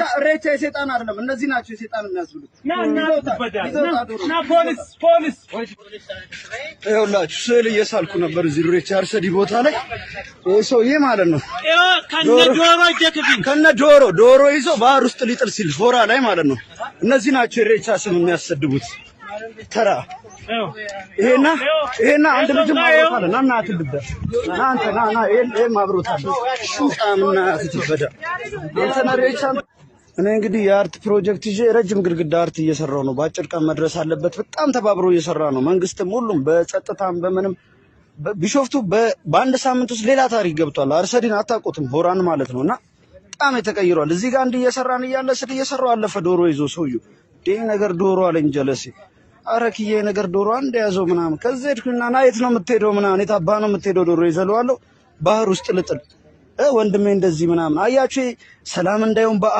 ብቻ እሬቻ የሴጣን አይደለም። እነዚህ ናቸው የሴጣን የሚያስብሉት። ይኸውላችሁ ስዕል እየሳልኩ ነበር እዚህ እሬቻ አርሰዲ ቦታ ላይ ሰውዬ ማለት ነው ከነ ዶሮ ዶሮ ይዞ ባህር ውስጥ ሊጥል ሲል ፎራ ላይ ማለት ነው። እነዚህ ናቸው የሬቻ ስም የሚያሰድቡት ተራ ይሄና ይሄና አንድ ልጅ ማብሮታል እና እናት ልበ አንተ ና ና ይሄን ማብሮታል ሹቃምና ትትበዳ አንተ ነሬቻ እኔ እንግዲህ የአርት ፕሮጀክት ይዤ ረጅም ግድግዳ አርት እየሰራው ነው። በአጭር ቀን መድረስ አለበት። በጣም ተባብሮ እየሰራ ነው። መንግስትም፣ ሁሉም በጸጥታም በምንም ቢሾፍቱ በአንድ ሳምንት ውስጥ ሌላ ታሪክ ገብቷል። አርሰዲን አታውቁትም፣ ሆራን ማለት ነው። እና በጣም የተቀይሯል። እዚህ ጋር እንዲ እየሰራን እያለ ስል እየሰራው አለፈ። ዶሮ ይዞ ሰውዬው ይህ ነገር ዶሮ አለኝ ጀለሴ አረክዬ ነገር ዶሮ አንድ ያዘው ምናምን። ከዚህ ሄድኩና ና የት ነው የምትሄደው? ምናምን የት አባህ ነው የምትሄደው? ዶሮ ይዘለዋለሁ ባህር ውስጥ ልጥል ወንድሜ እንደዚህ ምናምን አያችሁ፣ ሰላም እንዳይሆን በአ